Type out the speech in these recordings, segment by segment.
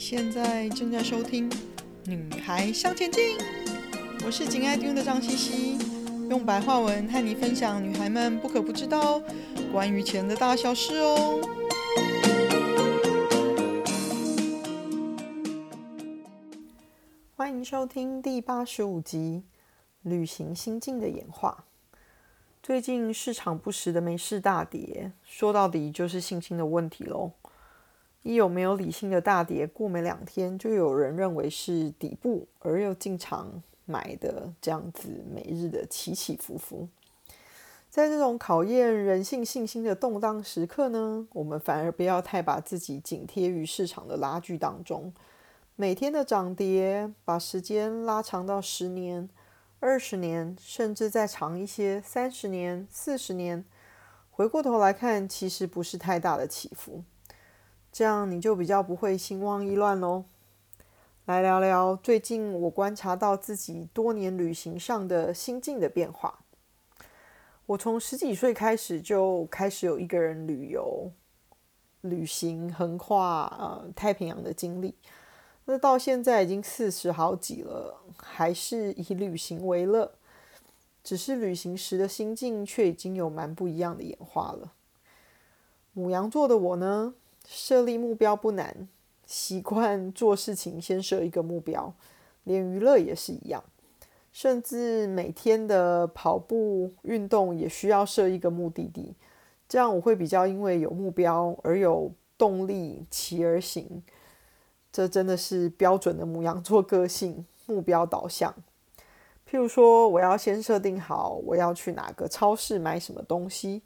現在正在收聽《女孩向錢進》，我是緊愛聽的張茜茜，用白話文和你分享女孩們不可不知道關於錢的大小事哦。歡迎收聽第八十五集《旅行心境的演化》。最近市場不時的沒事大跌，說到底就是信心的問題嘍。一有沒有理性的大跌，過沒兩天就有人認為是底部，而又進場買的這樣子，每日的起起伏伏，在這種考驗人性信心的動盪時刻呢，我們反而不要太把自己緊貼於市場的拉鋸當中，每天的漲跌，把時間拉長到十年、二十年，甚至再長一些，三十年、四十年，回過頭來看，其實不是太大的起伏。這樣你就比較不會心慌意亂嘍。來聊聊最近我觀察到自己多年旅行上的心境的變化。我從十幾歲開始就開始有一個人旅遊、旅行橫跨呃太平洋的經歷。那到現在已經四十好幾了，還是以旅行為樂，只是旅行時的心境卻已經有蠻不一樣的演化了。牡羊座的我呢，設立目標不難，習慣做事情先設一個目標，連娛樂也是一樣，甚至每天的跑步運動也需要設一個目的地，這樣我會比較因為有目標而有動力，起而行。這真的是標準的牡羊座個性，目標導向。譬如說，我要先設定好我要去哪個超市買什麼東西，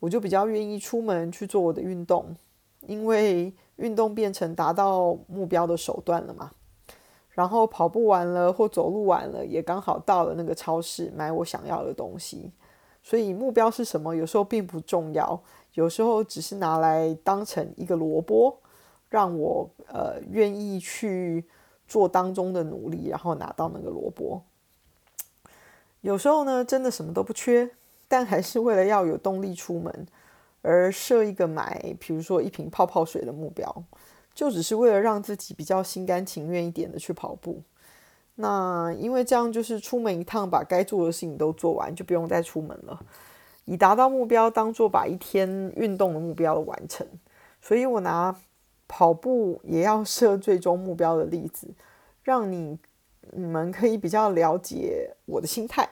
我就比較願意出門去做我的運動。因為運動變成達到目標的手段了嘛，然後跑步完了或走路完了，也剛好到了那個超市買我想要的東西，所以目標是什麼？有時候並不重要，有時候只是拿來當成一個蘿蔔，讓我呃願意去做當中的努力，然後拿到那個蘿蔔。有時候呢，真的什麼都不缺，但還是為了要有動力出門。而設一個買，比如說一瓶泡泡水的目標，就只是為了讓自己比較心甘情願一點的去跑步。那因為這樣就是出門一趟，把該做的事情都做完，就不用再出門了，以達到目標，當做把一天運動的目標的完成。所以，我拿跑步也要設最終目標的例子，讓你你們可以比較了解我的心態。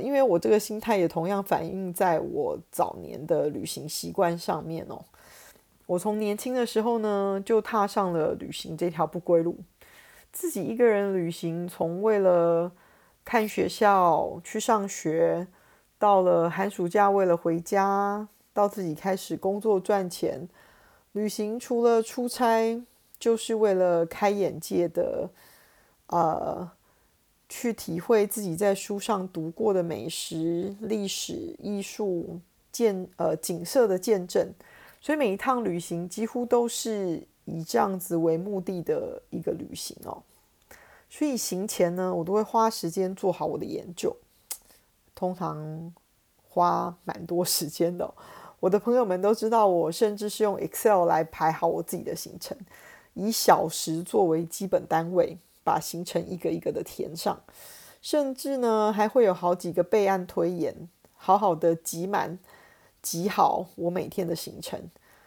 因為我這個心態也同樣反映在我早年的旅行習慣上面哦。我從年輕的時候呢，就踏上了旅行這條不歸路，自己一個人旅行，從為了看學校去上學，到了寒暑假為了回家，到自己開始工作賺錢，旅行除了出差，就是為了開眼界的，呃。去體會自己在書上讀過的美食、歷史、藝術、見、呃、景色的見證，所以每一趟旅行幾乎都是以這樣子為目的的一個旅行哦。所以行前呢，我都會花時間做好我的研究，通常花蠻多時間的哦。我的朋友們都知道，我甚至是用 Excel 來排好我自己的行程，以小時作為基本單位。把行程一個一個的填上，甚至呢還會有好幾個備案推延，好好的擠滿、擠好我每天的行程，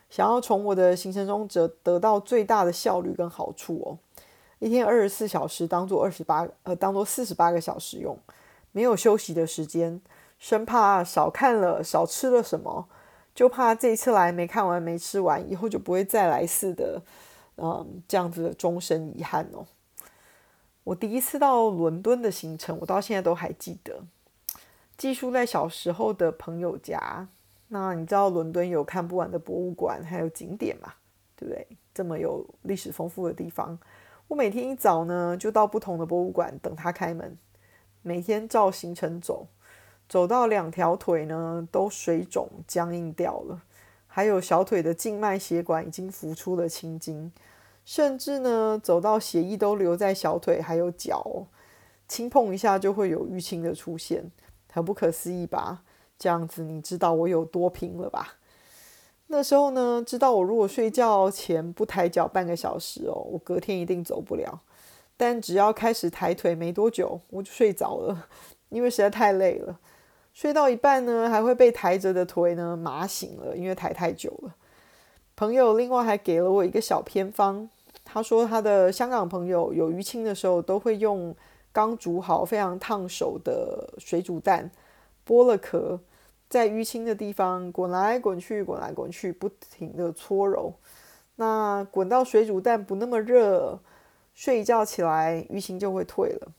想要從我的行程中得得到最大的效率跟好處哦。一天二十四小時當做二十八，呃，當做四十八個小時用，沒有休息的時間，生怕少看了、少吃了什麼，就怕這一次來沒看完、沒吃完，以後就不會再來似的，嗯，這樣子的終身遺憾哦。我第一次到倫敦的行程，我到現在都還記得。寄宿在小時候的朋友家，那你知道倫敦有看不完的博物館還有景點嘛，對不對？這麼有歷史豐富的地方，我每天一早呢就到不同的博物館等他開門，每天照行程走，走到兩條腿呢都水腫僵硬掉了，還有小腿的靜脈血管已經浮出了青筋。甚至呢，走到血液都留在小腿，還有腳、哦，輕碰一下就會有淤青的出現，很不可思議吧？這樣子你知道我有多拼了吧？那時候呢，知道我如果睡覺前不抬腳半個小時哦，我隔天一定走不了。但只要開始抬腿沒多久，我就睡着了，因為實在太累了。睡到一半呢，還會被抬着的腿呢麻醒了，因為抬太久了。朋友另外還給了我一個小偏方。他說，他的香港朋友有淤青的時候，都會用剛煮好、非常燙手的水煮蛋，剝了殼，在淤青的地方滾來滾去、滾來滾去，不停的搓揉。那滾到水煮蛋不那麼熱，睡一覺起來，淤青就會退了。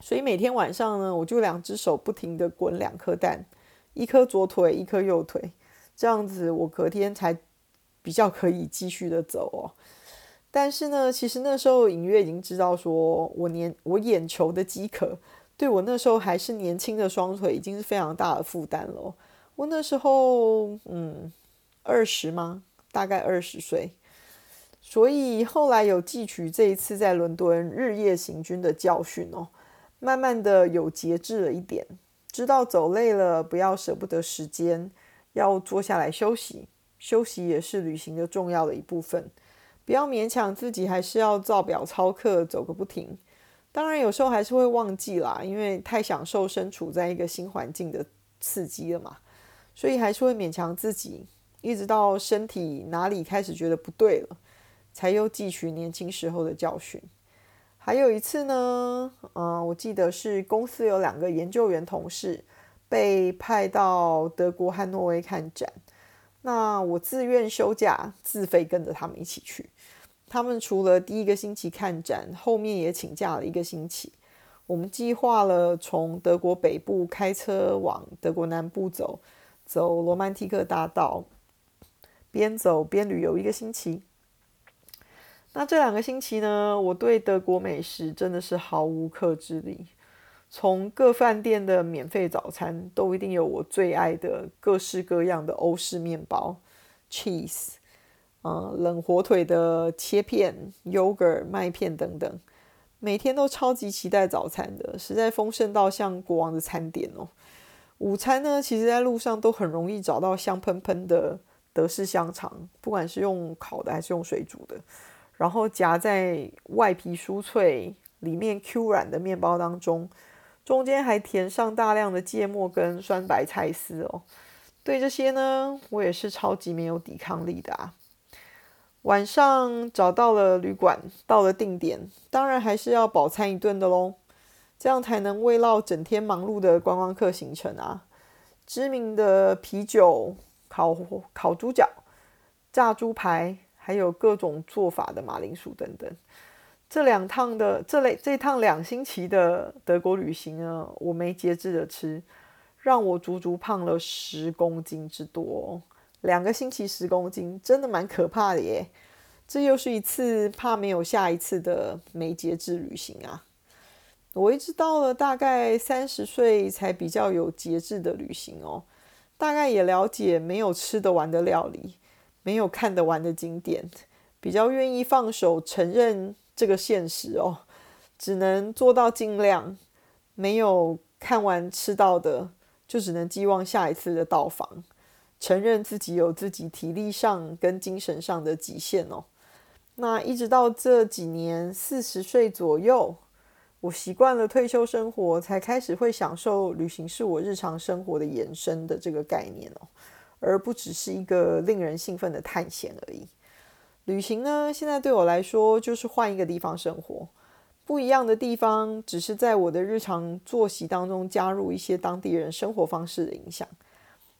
所以每天晚上呢，我就兩隻手不停的滾兩顆蛋，一顆左腿，一顆右腿，這樣子我隔天才比較可以繼續的走哦。但是呢，其實那時候隱約已經知道，說我年我眼球的饑渴，對我那時候還是年輕的雙腿已經是非常大的負擔了哦。我那時候嗯二十嗎？大概二十歲，所以後來有汲取這一次在倫敦日夜行軍的教訓哦，慢慢的有節制了一點，知道走累了不要捨不得時間，要坐下來休息，休息也是旅行的重要的一部分。不要勉強自己，還是要照表操課走個不停。當然，有時候還是會忘記啦，因為太享受身處在一個新環境的刺激了嘛，所以還是會勉強自己，一直到身體哪裡開始覺得不對了，才又汲取年輕時候的教訓。還有一次呢，嗯、呃，我記得是公司有兩個研究員同事被派到德國漢諾威看展。那我自願休假，自費跟着他們一起去。他們除了第一個星期看展，後面也請假了一個星期。我們計劃了從德國北部開車往德國南部走，走羅曼蒂克大道，邊走邊旅遊一個星期。那這兩個星期呢，我對德國美食真的是毫無克制力。從各飯店的免費早餐都一定有我最愛的各式各樣的歐式麵包、cheese、呃、冷火腿的切片、yogurt、麥片等等，每天都超級期待早餐的，實在豐盛到像國王的餐點哦、喔。午餐呢，其實在路上都很容易找到香噴噴的德式香腸，不管是用烤的還是用水煮的，然後夾在外皮酥脆、裡面 Q 軟的麵包當中。中間還填上大量的芥末跟酸白菜絲哦，對這些呢，我也是超級沒有抵抗力的啊。晚上找到了旅館，到了定點，當然還是要飽餐一頓的嘍，這樣才能慰勞整天忙碌的觀光客行程啊。知名的啤酒烤烤豬腳、炸豬排，還有各種做法的馬鈴薯等等。這兩趟的這類這一趟兩星期的德國旅行呢，我沒節制的吃，讓我足足胖了十公斤之多。兩個星期十公斤，真的蠻可怕的耶。這又是一次怕沒有下一次的沒節制旅行啊。我一直到了大概三十歲才比較有節制的旅行哦，大概也了解沒有吃得完的料理，沒有看得完的景點，比較願意放手承認。這個現實哦，只能做到盡量，沒有看完吃到的，就只能寄望下一次的到訪。承認自己有自己體力上跟精神上的極限哦。那一直到這幾年四十歲左右，我習慣了退休生活，才開始會享受旅行是我日常生活的延伸的這個概念哦，而不只是一個令人興奮的探險而已。旅行呢，現在對我來說就是換一個地方生活，不一樣的地方，只是在我的日常作息當中加入一些當地人生活方式的影響。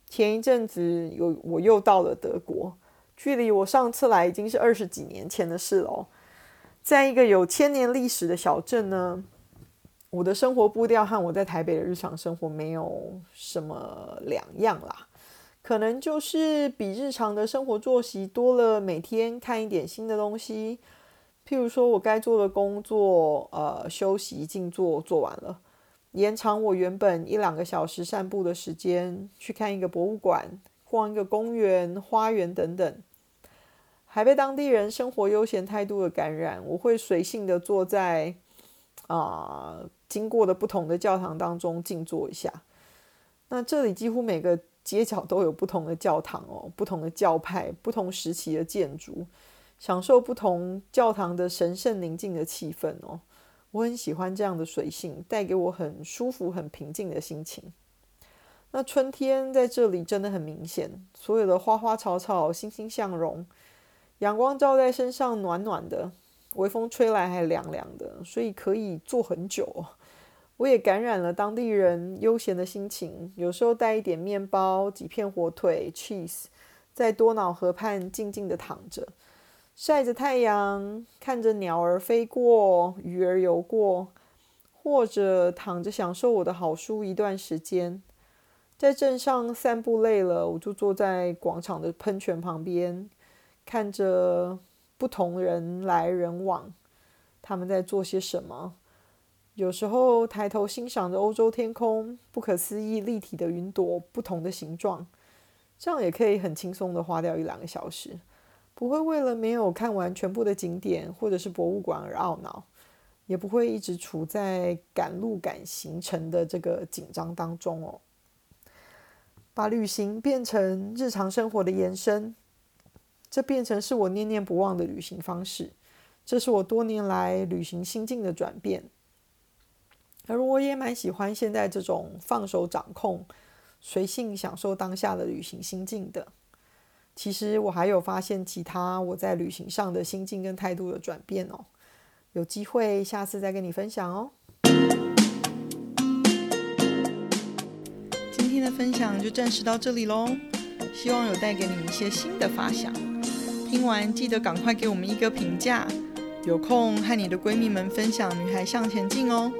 前一陣子有我又到了德國，距離我上次來已經是二十幾年前的事了哦。在一個有千年歷史的小鎮呢，我的生活步調和我在台北的日常生活沒有什麼兩樣啦。可能就是比日常的生活作息多了，每天看一點新的東西。譬如說，我該做的工作、呃，休息靜坐做完了，延長我原本一兩個小時散步的時間，去看一個博物館、逛一個公園、花園等等。還被當地人生活悠閒態度的感染，我會隨性的坐在啊、呃、經過的不同的教堂當中靜坐一下。那這裡幾乎每個。街角都有不同的教堂哦，不同的教派，不同時期的建築，享受不同教堂的神聖寧靜的氣氛哦。我很喜歡這樣的隨性，帶給我很舒服、很平靜的心情。那春天在這裡真的很明顯，所有的花花草草欣欣向榮，陽光照在身上暖暖的，微風吹來還涼涼的，所以可以坐很久。我也感染了當地人悠閒的心情，有時候帶一點麵包、幾片火腿、cheese，在多瑙河畔靜靜地躺着，曬着太陽，看着鳥兒飛過、魚兒游過，或者躺着享受我的好書一段時間。在鎮上散步累了，我就坐在廣場的噴泉旁邊，看着不同人來人往，他們在做些什麼。有時候抬頭欣賞着歐洲天空，不可思議立體的雲朵，不同的形狀，這樣也可以很輕鬆的花掉一兩個小時，不會為了沒有看完全部的景點或者是博物館而懊惱，也不會一直處在趕路趕行程的這個緊張當中哦。把旅行變成日常生活的延伸，這變成是我念念不忘的旅行方式，這是我多年來旅行心境的轉變。那我也蠻喜歡現在這種放手掌控，隨性享受當下的旅行心境的。其實我還有發現其他我在旅行上的心境跟態度有轉變哦。有機會下次再跟你分享哦。今天的分享就暫時到這裡嘍，希望有帶給你一些新的發想。聽完記得趕快給我們一個評價，有空和你的閨蜜們分享《女孩向錢進》哦。